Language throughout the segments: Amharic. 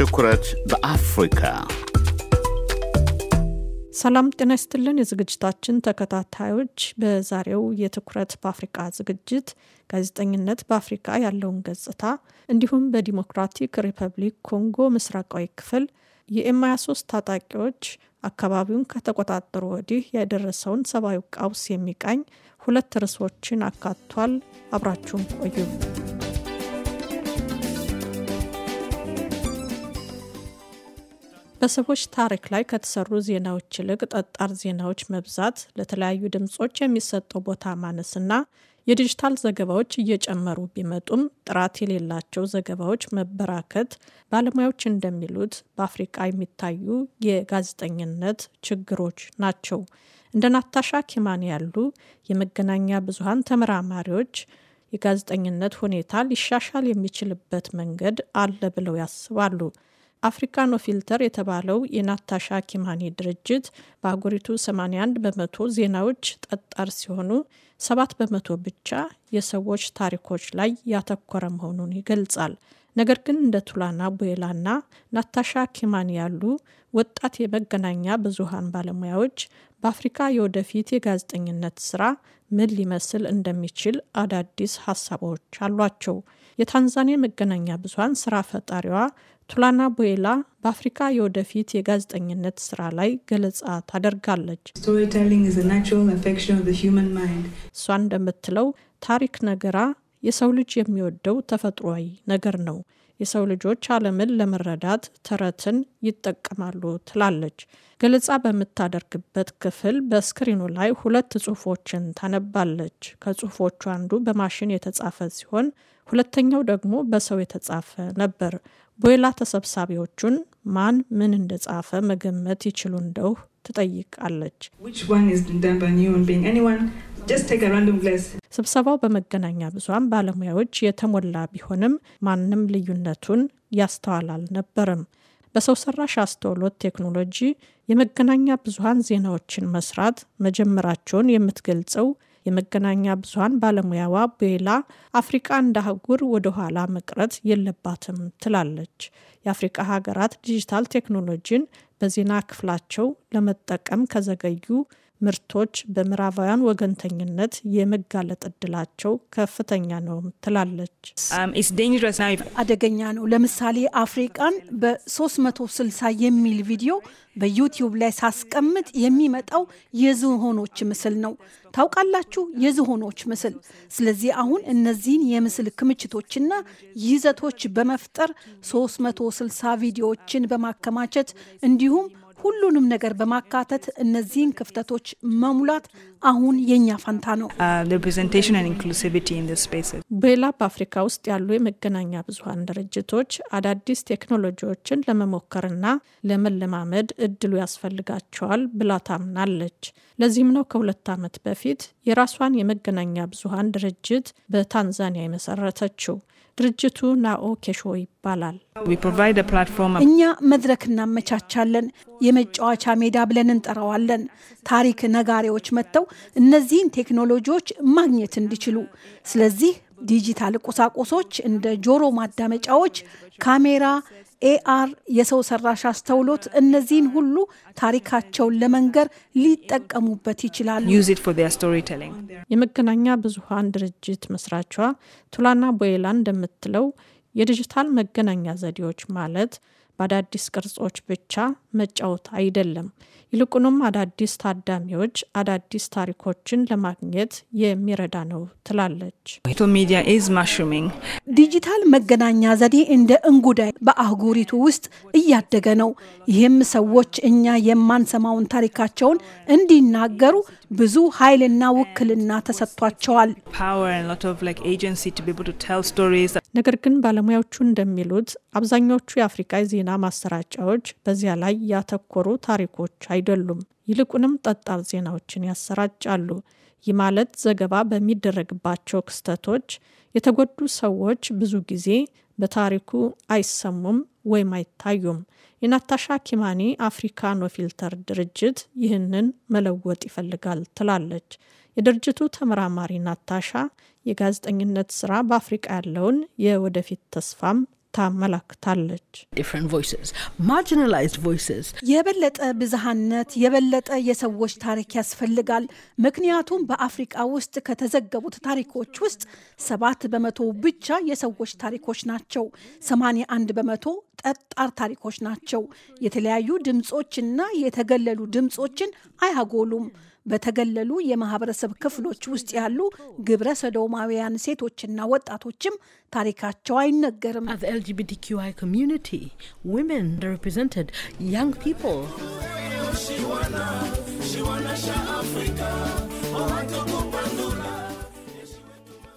ትኩረት በአፍሪካ ሰላም ጤና ይስጥልን። የዝግጅታችን ተከታታዮች በዛሬው የትኩረት በአፍሪካ ዝግጅት ጋዜጠኝነት በአፍሪካ ያለውን ገጽታ እንዲሁም በዲሞክራቲክ ሪፐብሊክ ኮንጎ ምስራቃዊ ክፍል የኤም 3 ታጣቂዎች አካባቢውን ከተቆጣጠሩ ወዲህ የደረሰውን ሰብአዊ ቀውስ የሚቃኝ ሁለት ርዕሶችን አካቷል። አብራችሁን ቆዩ። በሰዎች ታሪክ ላይ ከተሰሩ ዜናዎች ይልቅ ጠጣር ዜናዎች መብዛት፣ ለተለያዩ ድምፆች የሚሰጠው ቦታ ማነስና የዲጂታል ዘገባዎች እየጨመሩ ቢመጡም ጥራት የሌላቸው ዘገባዎች መበራከት ባለሙያዎች እንደሚሉት በአፍሪቃ የሚታዩ የጋዜጠኝነት ችግሮች ናቸው። እንደ ናታሻ ኪማን ያሉ የመገናኛ ብዙሃን ተመራማሪዎች የጋዜጠኝነት ሁኔታ ሊሻሻል የሚችልበት መንገድ አለ ብለው ያስባሉ። አፍሪካኖ ፊልተር የተባለው የናታሻ ኪማኒ ድርጅት በአህጉሪቱ 81 በመቶ ዜናዎች ጠጣር ሲሆኑ 7 በመቶ ብቻ የሰዎች ታሪኮች ላይ ያተኮረ መሆኑን ይገልጻል። ነገር ግን እንደ ቱላና ቡዌላና ናታሻ ኪማኒ ያሉ ወጣት የመገናኛ ብዙሃን ባለሙያዎች በአፍሪካ የወደፊት የጋዜጠኝነት ስራ ምን ሊመስል እንደሚችል አዳዲስ ሀሳቦች አሏቸው። የታንዛኒያ መገናኛ ብዙሀን ስራ ፈጣሪዋ ቱላና ቦኤላ በአፍሪካ የወደፊት የጋዜጠኝነት ስራ ላይ ገለጻ ታደርጋለች። እሷ እንደምትለው ታሪክ ነገራ የሰው ልጅ የሚወደው ተፈጥሯዊ ነገር ነው። የሰው ልጆች ዓለምን ለመረዳት ተረትን ይጠቀማሉ ትላለች። ገለጻ በምታደርግበት ክፍል በስክሪኑ ላይ ሁለት ጽሁፎችን ታነባለች። ከጽሁፎቹ አንዱ በማሽን የተጻፈ ሲሆን ሁለተኛው ደግሞ በሰው የተጻፈ ነበር። ቦይላ ተሰብሳቢዎቹን ማን ምን እንደጻፈ መገመት ይችሉ እንደው ትጠይቃለች። ስብሰባው በመገናኛ ብዙሃን ባለሙያዎች የተሞላ ቢሆንም ማንም ልዩነቱን ያስተዋል አልነበርም። በሰው ሰራሽ አስተውሎት ቴክኖሎጂ የመገናኛ ብዙሃን ዜናዎችን መስራት መጀመራቸውን የምትገልጸው የመገናኛ ብዙሀን ባለሙያዋ ቤላ አፍሪቃ እንደ አህጉር ወደኋላ መቅረት የለባትም ትላለች። የአፍሪቃ ሀገራት ዲጂታል ቴክኖሎጂን በዜና ክፍላቸው ለመጠቀም ከዘገዩ ምርቶች በምዕራባውያን ወገንተኝነት የመጋለጥ እድላቸው ከፍተኛ ነው ትላለች። um, አደገኛ ነው። ለምሳሌ አፍሪቃን በ360 የሚል ቪዲዮ በዩቲዩብ ላይ ሳስቀምጥ የሚመጣው የዝሆኖች ምስል ነው። ታውቃላችሁ፣ የዝሆኖች ምስል። ስለዚህ አሁን እነዚህን የምስል ክምችቶችና ይዘቶች በመፍጠር 360 ቪዲዮዎችን በማከማቸት እንዲሁም ሁሉንም ነገር በማካተት እነዚህን ክፍተቶች መሙላት አሁን የእኛ ፈንታ ነው። ብሬላብ uh, በአፍሪካ ውስጥ ያሉ የመገናኛ ብዙሀን ድርጅቶች አዳዲስ ቴክኖሎጂዎችን ለመሞከርና ለመለማመድ እድሉ ያስፈልጋቸዋል ብላ ታምናለች። ለዚህም ነው ከሁለት ዓመት በፊት የራሷን የመገናኛ ብዙሀን ድርጅት በታንዛኒያ የመሰረተችው። ድርጅቱ ናኦ ኬሾ ይባላል። እኛ መድረክ እናመቻቻለን። የመጫወቻ ሜዳ ብለን እንጠራዋለን። ታሪክ ነጋሪዎች መጥተው እነዚህን ቴክኖሎጂዎች ማግኘት እንዲችሉ ስለዚህ ዲጂታል ቁሳቁሶች እንደ ጆሮ ማዳመጫዎች፣ ካሜራ፣ ኤአር፣ የሰው ሰራሽ አስተውሎት እነዚህን ሁሉ ታሪካቸውን ለመንገር ሊጠቀሙበት ይችላሉ። የመገናኛ ብዙሃን ድርጅት መስራቿ ቱላና ቦይላ እንደምትለው የዲጂታል መገናኛ ዘዴዎች ማለት በአዳዲስ ቅርጾች ብቻ መጫወት አይደለም። ይልቁንም አዳዲስ ታዳሚዎች፣ አዳዲስ ታሪኮችን ለማግኘት የሚረዳ ነው ትላለች። ዲጂታል መገናኛ ዘዴ እንደ እንጉዳይ በአህጉሪቱ ውስጥ እያደገ ነው። ይህም ሰዎች እኛ የማንሰማውን ታሪካቸውን እንዲናገሩ ብዙ ኃይልና ውክልና ተሰጥቷቸዋል። ነገር ግን ባለሙያዎቹ እንደሚሉት አብዛኛዎቹ የአፍሪካ የዜና ዜና ማሰራጫዎች በዚያ ላይ ያተኮሩ ታሪኮች አይደሉም። ይልቁንም ጠጣር ዜናዎችን ያሰራጫሉ። ይህ ማለት ዘገባ በሚደረግባቸው ክስተቶች የተጎዱ ሰዎች ብዙ ጊዜ በታሪኩ አይሰሙም ወይም አይታዩም። የናታሻ ኪማኒ አፍሪካኖ ፊልተር ድርጅት ይህንን መለወጥ ይፈልጋል ትላለች። የድርጅቱ ተመራማሪ ናታሻ የጋዜጠኝነት ስራ በአፍሪቃ ያለውን የወደፊት ተስፋም ታመላክታለች። የበለጠ ብዝሃነት፣ የበለጠ የሰዎች ታሪክ ያስፈልጋል። ምክንያቱም በአፍሪቃ ውስጥ ከተዘገቡት ታሪኮች ውስጥ ሰባት በመቶ ብቻ የሰዎች ታሪኮች ናቸው። 81 በመቶ ጠጣር ታሪኮች ናቸው። የተለያዩ ድምፆችና የተገለሉ ድምፆችን አያጎሉም። በተገለሉ የማህበረሰብ ክፍሎች ውስጥ ያሉ ግብረ ሰዶማውያን ሴቶችና ወጣቶችም ታሪካቸው አይነገርም።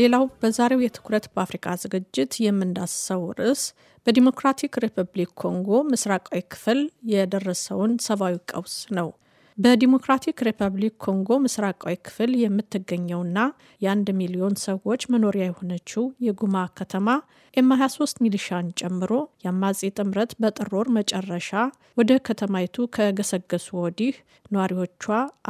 ሌላው በዛሬው የትኩረት በአፍሪካ ዝግጅት የምንዳስሰው ርዕስ በዲሞክራቲክ ሪፐብሊክ ኮንጎ ምስራቃዊ ክፍል የደረሰውን ሰብአዊ ቀውስ ነው። በዲሞክራቲክ ሪፐብሊክ ኮንጎ ምስራቃዊ ክፍል የምትገኘውና የአንድ ሚሊዮን ሰዎች መኖሪያ የሆነችው የጉማ ከተማ ኤም 23 ሚሊሻን ጨምሮ የአማጺ ጥምረት በጥር ወር መጨረሻ ወደ ከተማይቱ ከገሰገሱ ወዲህ ነዋሪዎቿ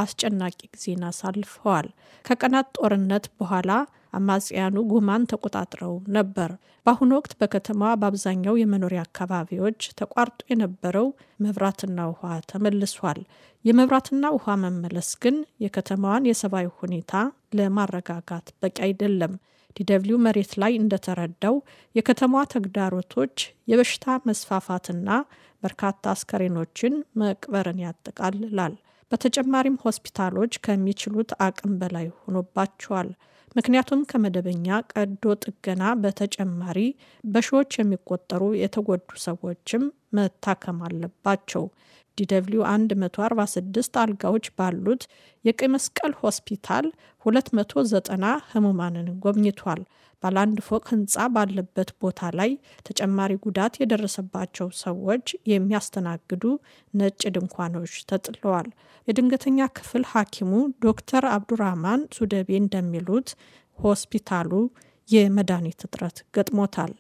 አስጨናቂ ጊዜን አሳልፈዋል። ከቀናት ጦርነት በኋላ አማጽያኑ ጉማን ተቆጣጥረው ነበር። በአሁኑ ወቅት በከተማዋ በአብዛኛው የመኖሪያ አካባቢዎች ተቋርጦ የነበረው መብራትና ውሃ ተመልሷል። የመብራትና ውሃ መመለስ ግን የከተማዋን የሰብአዊ ሁኔታ ለማረጋጋት በቂ አይደለም። ዲደብሊው መሬት ላይ እንደተረዳው የከተማዋ ተግዳሮቶች የበሽታ መስፋፋትና በርካታ አስከሬኖችን መቅበርን ያጠቃልላል። በተጨማሪም ሆስፒታሎች ከሚችሉት አቅም በላይ ሆኖባቸዋል። ምክንያቱም ከመደበኛ ቀዶ ጥገና በተጨማሪ በሺዎች የሚቆጠሩ የተጎዱ ሰዎችም መታከም አለባቸው። ዲደብሊው 146 አልጋዎች ባሉት የቀይ መስቀል ሆስፒታል 290 ህሙማንን ጎብኝቷል። ባለ አንድ ፎቅ ህንፃ ባለበት ቦታ ላይ ተጨማሪ ጉዳት የደረሰባቸው ሰዎች የሚያስተናግዱ ነጭ ድንኳኖች ተጥለዋል። የድንገተኛ ክፍል ሐኪሙ ዶክተር አብዱራህማን ሱደቤ እንደሚሉት ሆስፒታሉ የመድኃኒት እጥረት ገጥሞታል።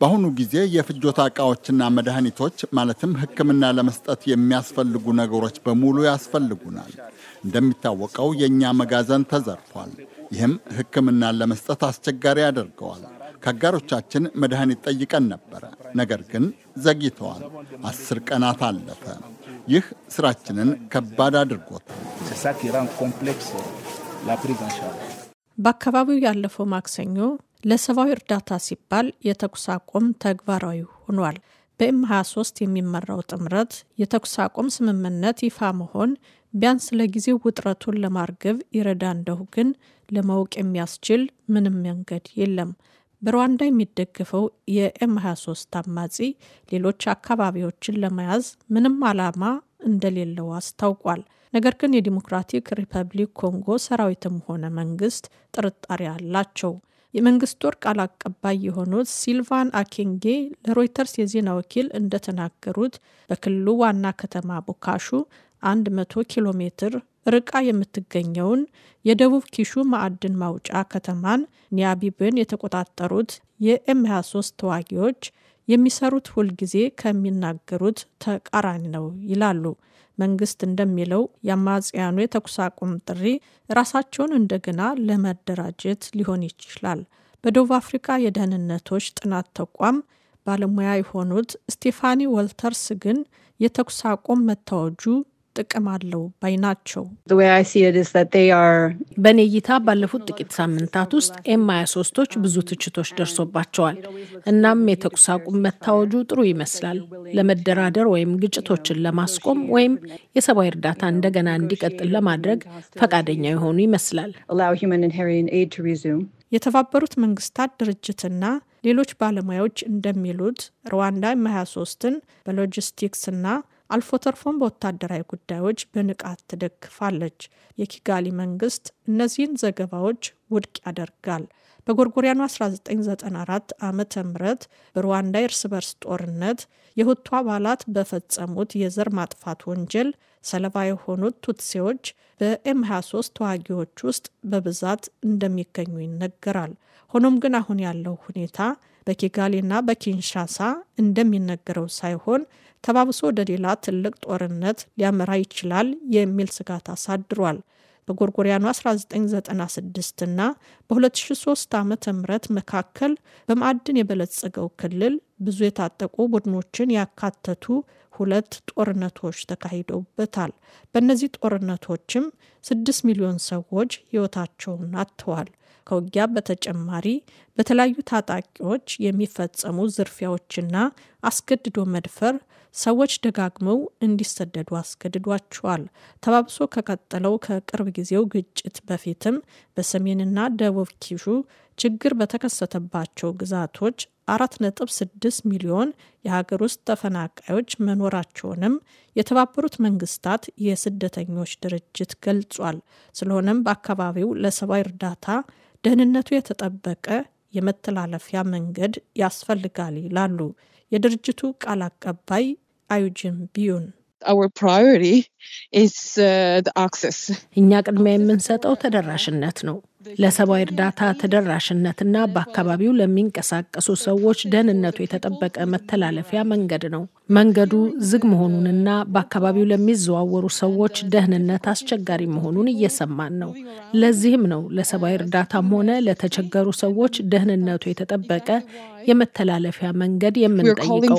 በአሁኑ ጊዜ የፍጆታ እቃዎችና መድኃኒቶች ማለትም ሕክምና ለመስጠት የሚያስፈልጉ ነገሮች በሙሉ ያስፈልጉናል። እንደሚታወቀው የእኛ መጋዘን ተዘርፏል። ይህም ሕክምናን ለመስጠት አስቸጋሪ ያደርገዋል። ከአጋሮቻችን መድኃኒት ጠይቀን ነበረ፣ ነገር ግን ዘግይተዋል። አስር ቀናት አለፈ። ይህ ስራችንን ከባድ አድርጎታል። በአካባቢው ያለፈው ማክሰኞ ለሰብአዊ እርዳታ ሲባል የተኩስ አቁም ተግባራዊ ሆኗል። በኤም 23 የሚመራው ጥምረት የተኩስ አቁም ስምምነት ይፋ መሆን ቢያንስ ለጊዜው ውጥረቱን ለማርገብ ይረዳ እንደሁ ግን ለማወቅ የሚያስችል ምንም መንገድ የለም። በሩዋንዳ የሚደገፈው የኤም 23 አማጺ ሌሎች አካባቢዎችን ለመያዝ ምንም ዓላማ እንደሌለው አስታውቋል። ነገር ግን የዲሞክራቲክ ሪፐብሊክ ኮንጎ ሰራዊትም ሆነ መንግስት ጥርጣሬ አላቸው። የመንግስት ወር ቃል አቀባይ የሆኑት ሲልቫን አኬንጌ ለሮይተርስ የዜና ወኪል እንደተናገሩት በክልሉ ዋና ከተማ ቦካሹ 100 ኪሎ ሜትር ርቃ የምትገኘውን የደቡብ ኪሹ ማዕድን ማውጫ ከተማን ኒያቢብን የተቆጣጠሩት የኤም 23 ተዋጊዎች የሚሰሩት ሁልጊዜ ከሚናገሩት ተቃራኒ ነው ይላሉ። መንግስት እንደሚለው የአማጽያኑ የተኩስ አቁም ጥሪ ራሳቸውን እንደገና ለመደራጀት ሊሆን ይችላል። በደቡብ አፍሪካ የደህንነቶች ጥናት ተቋም ባለሙያ የሆኑት ስቴፋኒ ወልተርስ ግን የተኩስ አቁም መታወጁ ጥቅም አለው ባይ ናቸው። በእኔ እይታ ባለፉት ጥቂት ሳምንታት ውስጥ ኤም 23 ሶስቶች ብዙ ትችቶች ደርሶባቸዋል። እናም የተኩስ አቁም መታወጁ ጥሩ ይመስላል። ለመደራደር ወይም ግጭቶችን ለማስቆም ወይም የሰብአዊ እርዳታ እንደገና እንዲቀጥል ለማድረግ ፈቃደኛ የሆኑ ይመስላል። የተባበሩት መንግስታት ድርጅትና ሌሎች ባለሙያዎች እንደሚሉት ሩዋንዳ ኤም 23ን በሎጂስቲክስና አልፎ ተርፎም በወታደራዊ ጉዳዮች በንቃት ትደግፋለች። የኪጋሊ መንግስት እነዚህን ዘገባዎች ውድቅ ያደርጋል። በጎርጎሪያኑ 1994 ዓ ም በሩዋንዳ የእርስ በርስ ጦርነት የሁቱ አባላት በፈጸሙት የዘር ማጥፋት ወንጀል ሰለባ የሆኑት ቱትሴዎች በኤም 23 ተዋጊዎች ውስጥ በብዛት እንደሚገኙ ይነገራል። ሆኖም ግን አሁን ያለው ሁኔታ በኪጋሊና በኪንሻሳ እንደሚነገረው ሳይሆን ተባብሶ ወደ ሌላ ትልቅ ጦርነት ሊያመራ ይችላል የሚል ስጋት አሳድሯል። በጎርጎሪያኑ 1996 እና በ2003 ዓ ም መካከል በማዕድን የበለጸገው ክልል ብዙ የታጠቁ ቡድኖችን ያካተቱ ሁለት ጦርነቶች ተካሂደውበታል። በእነዚህ ጦርነቶችም ስድስት ሚሊዮን ሰዎች ህይወታቸውን አጥተዋል። ከውጊያ በተጨማሪ በተለያዩ ታጣቂዎች የሚፈጸሙ ዝርፊያዎችና አስገድዶ መድፈር ሰዎች ደጋግመው እንዲሰደዱ አስገድዷቸዋል። ተባብሶ ከቀጠለው ከቅርብ ጊዜው ግጭት በፊትም በሰሜንና ደቡብ ኪሹ ችግር በተከሰተባቸው ግዛቶች 4.6 ሚሊዮን የሀገር ውስጥ ተፈናቃዮች መኖራቸውንም የተባበሩት መንግስታት የስደተኞች ድርጅት ገልጿል። ስለሆነም በአካባቢው ለሰብአዊ እርዳታ ደህንነቱ የተጠበቀ የመተላለፊያ መንገድ ያስፈልጋል ይላሉ የድርጅቱ ቃል አቀባይ አዩጅን ቢዩን። uh, እኛ ቅድሚያ የምንሰጠው ተደራሽነት ነው። ለሰብአዊ እርዳታ ተደራሽነትና በአካባቢው ለሚንቀሳቀሱ ሰዎች ደህንነቱ የተጠበቀ መተላለፊያ መንገድ ነው። መንገዱ ዝግ መሆኑንና በአካባቢው ለሚዘዋወሩ ሰዎች ደህንነት አስቸጋሪ መሆኑን እየሰማን ነው። ለዚህም ነው ለሰብአዊ እርዳታም ሆነ ለተቸገሩ ሰዎች ደህንነቱ የተጠበቀ የመተላለፊያ መንገድ የምንጠይቀው።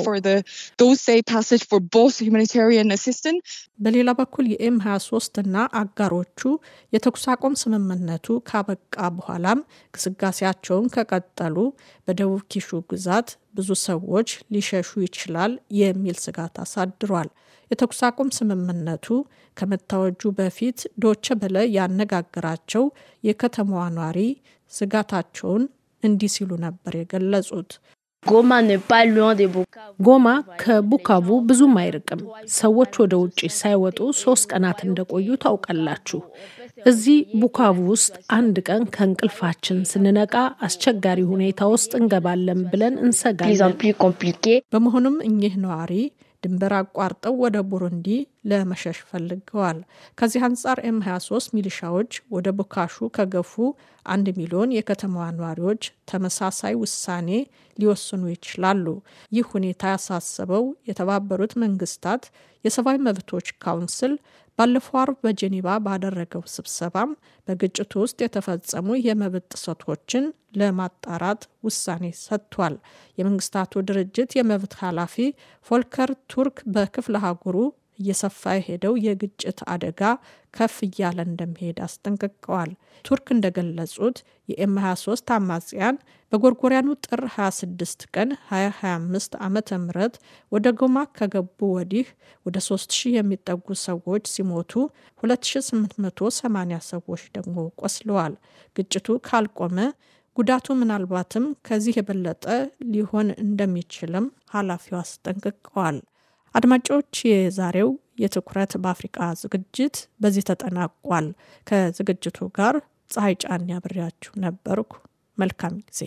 በሌላ በኩል የኤም 23 እና አጋሮቹ የተኩስ አቁም ስምምነቱ ካበቃ በኋላም ግስጋሴያቸውን ከቀጠሉ በደቡብ ኪሹ ግዛት ብዙ ሰዎች ሊሸሹ ይችላል የሚል ስጋት አሳድሯል። የተኩስ አቁም ስምምነቱ ከመታወጁ በፊት ዶቸ በለ ያነጋገራቸው የከተማዋ ኗሪ ስጋታቸውን እንዲህ ሲሉ ነበር የገለጹት። ጎማ ከቡካቡ ብዙም አይርቅም። ሰዎች ወደ ውጭ ሳይወጡ ሶስት ቀናት እንደቆዩ ታውቃላችሁ። እዚህ ቡካቡ ውስጥ አንድ ቀን ከእንቅልፋችን ስንነቃ አስቸጋሪ ሁኔታ ውስጥ እንገባለን ብለን እንሰጋለን። በመሆኑም እኚህ ነዋሪ ድንበር አቋርጠው ወደ ቡሩንዲ ለመሸሽ ፈልገዋል። ከዚህ አንጻር ኤም 23 ሚሊሻዎች ወደ ቡካሹ ከገፉ አንድ ሚሊዮን የከተማዋ ነዋሪዎች ተመሳሳይ ውሳኔ ሊወስኑ ይችላሉ። ይህ ሁኔታ ያሳሰበው የተባበሩት መንግስታት የሰብአዊ መብቶች ካውንስል ባለፈው አርብ በጄኔቫ ባደረገው ስብሰባም በግጭቱ ውስጥ የተፈጸሙ የመብት ጥሰቶችን ለማጣራት ውሳኔ ሰጥቷል። የመንግስታቱ ድርጅት የመብት ኃላፊ ፎልከር ቱርክ በክፍለ ሀጉሩ ። እየሰፋ የሄደው የግጭት አደጋ ከፍ እያለ እንደሚሄድ አስጠንቅቀዋል። ቱርክ እንደገለጹት የኤም 23 አማጽያን በጎርጎሪያኑ ጥር 26 ቀን 2025 ዓ ም ወደ ጎማ ከገቡ ወዲህ ወደ 3000 የሚጠጉ ሰዎች ሲሞቱ 2880 ሰዎች ደግሞ ቆስለዋል። ግጭቱ ካልቆመ ጉዳቱ ምናልባትም ከዚህ የበለጠ ሊሆን እንደሚችልም ኃላፊው አስጠንቅቀዋል። አድማጮች፣ የዛሬው የትኩረት በአፍሪቃ ዝግጅት በዚህ ተጠናቋል። ከዝግጅቱ ጋር ፀሐይ ጫን ያብሬያችሁ ነበርኩ። መልካም ጊዜ